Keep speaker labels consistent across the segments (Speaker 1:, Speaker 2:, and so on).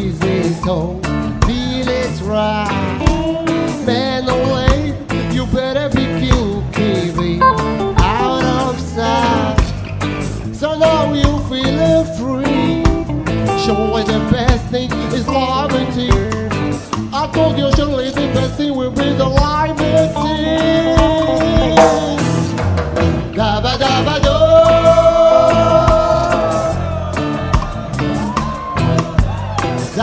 Speaker 1: please soul, oh, feel it's right. Man, wait, you better be QKV out of sight. So now you feel free. Show me the best thing is love and tears. I told you should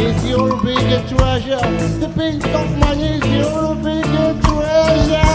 Speaker 1: is your biggest treasure. The piece of money is your biggest treasure.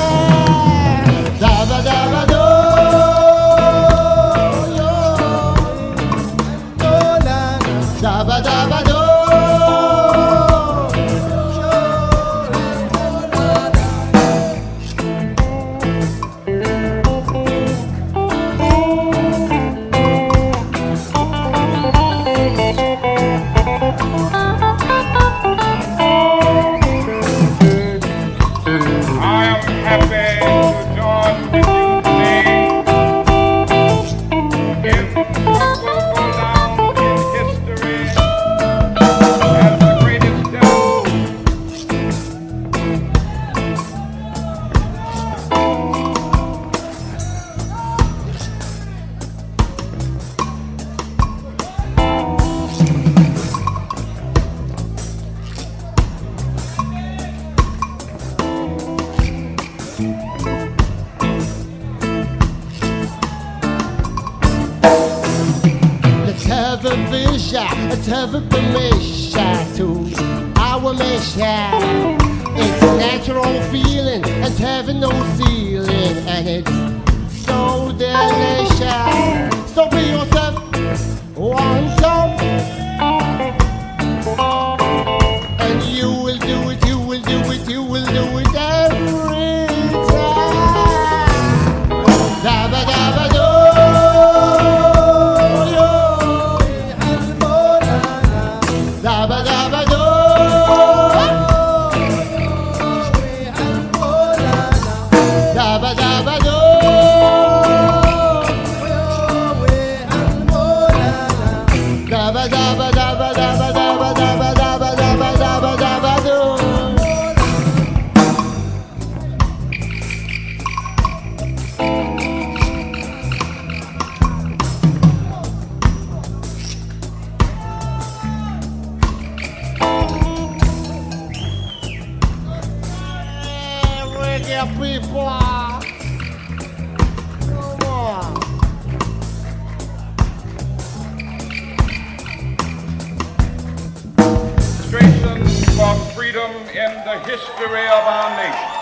Speaker 1: have a vision, I have a permission to our mission. It's a natural feeling, and having no ceiling, and it's so delicious. daba daba daba daba daba daba daba daba do. People! declaration for freedom in the history of our nation.